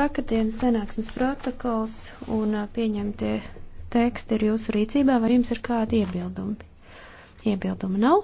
Vakardienas sanāksmes protokols un pieņemtie teksti ir jūsu rīcībā, vai jums ir kādi iebildumi? Iebildumi nav.